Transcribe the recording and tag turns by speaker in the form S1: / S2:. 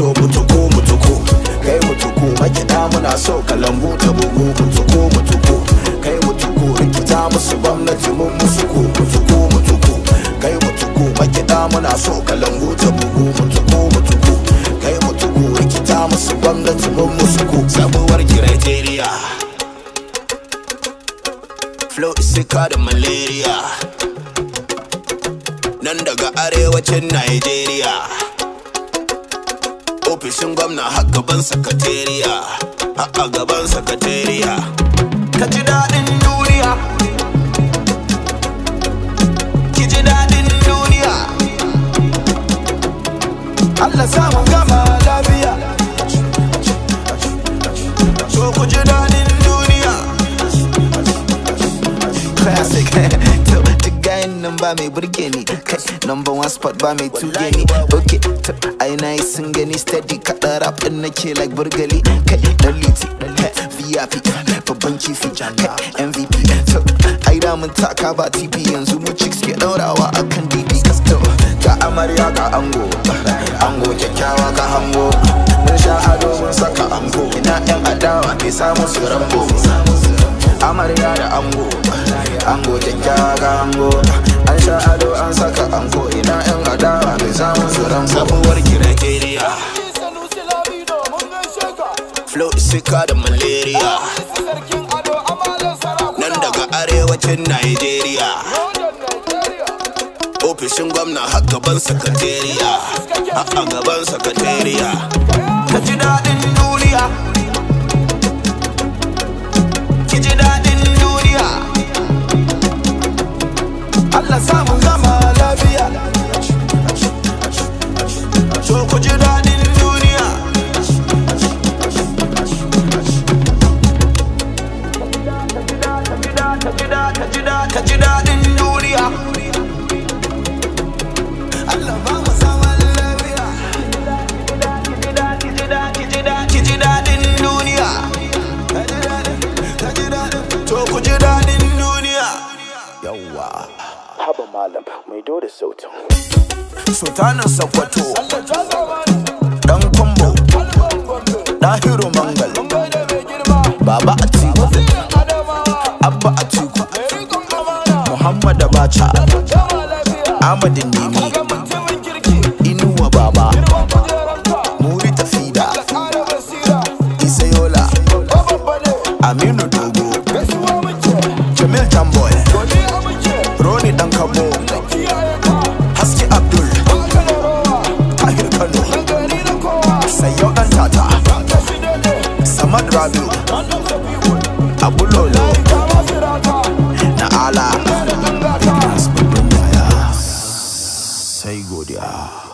S1: fito mutuku mutuku kai mutuku makida muna so kalambu ta bugu mutuku mutuku kai mutuku rikita musu gwamnati mun musu ku mutuku mutuku kai mutuku makida muna so kalambu ta bugu mutuku mutuku kai mutuku rikita musu gwamnati mun musu ku sabuwar Nigeria flow isika da malaria nan daga arewacin nigeria ofishin gwamna har gaban sakatariya a gaban sakatariya ka ji daɗin duniya ki ji daɗin duniya Allah samu them ba me, burge again, kai number one spot ba two tuge okay ai and yi steady, gani steady kaɗa rap ɗin nake like burgali Okay, ɗan liti vip babban kifi mvp ai da mun taka ba tv yanzu mu chicks ke ɗaurawa akan db ga amarya ga ango ango kyakkyawa got hango mun sha ado saka ango ina yan adawa ke samu su amarya da ango ango kyakkyawa ga flow isika da malaria nan daga arewacin nigeria ofishin gwamna har gaban sakatariya a gaban sakatariya ka ji daɗin duniya mai dole sautin sultanin sakwato dan kwambo dahiru mangal baba atiku abba atiku muhammad abacha amadin nemi inuwa baba muri tafida isayola aminu Yeah.